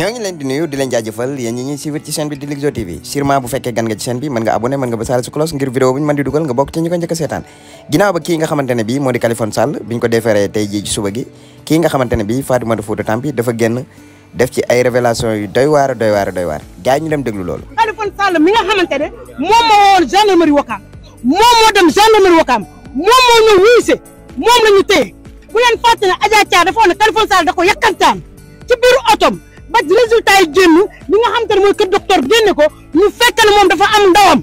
ñoo ngi leen di nuyu di leen jaajëfal yéen ñi ñuy suivre ci chaîne bi di Likzo TV sûrement bu fekkee gan nga ci chaîne bi mën nga abonné mën nga ba saal su cloche ngir vidéo bu ñu mën di dugal nga bokk ci ñu ko njëkk a seetaan ginnaaw ba kii nga xamante ne bii moo di Kaliphone Sall bi nga xamante ne bii Fatoumata Fouta nga ne moom moo moom moo dem gendarmerie Wakaam moom moo ñu wuuse moom la ñu téye bu leen fàtte ne Adja ne Kaliphone Sall da ko yàkkantaan ci biiru otom ba résultat yi génn bi nga xam te ne mooy kër docteur génne ko ñu fekk ne moom dafa am ndawam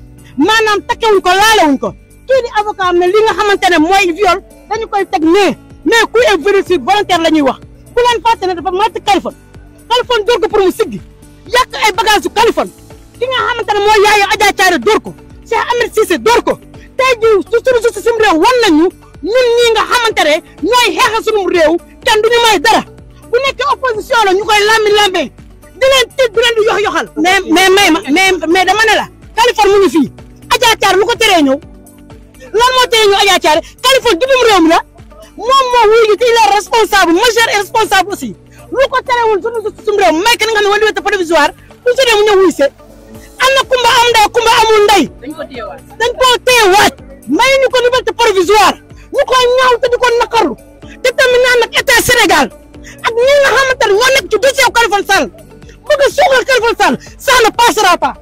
maanaam takkewuñ ko laalewuñ ko kii di avocat am ne li nga xamante ne mooy viol dañu koy teg nee mais ku et vérifié volontaire la ñuy wax ku leen fàtte ne dafa màtt Kaliphone Kaliphone dóor ko pour mu siggi yàq ay bagage su Kaliphone ki nga xamante ne mooy yaayu Adja Thiaré dóor ko Cheikh Ahmed Cissé dóor ko tey jii su suñu justice suñu réew wan nañu ñun ñii nga xamante bu nekkee opposition la ñu koy lambi lambe di leen tëj di leen di yox yoxal. mais mais may ma mais mais dama ne la. Kaliphone mu ngi fii a Thiar lu teree ñëw lan moo teree ñëw Adja Thiar Kaliphone jubum réew mi la moom moo wuyu ci il est responsable majeur et responsable aussi lu ko terewul suñu suñu réew may kan nga a wala wala provisoire bu ñu mu ñëw wuyu see am na kumba am ndey kumba amul ndey. dañ waat dañ koo téye waat mayuñu ko ñi nga xamante ne ñoo nekk ci dossier Khalifa Sall bëgg a suuxal Khalifa Sall ça ne passera pas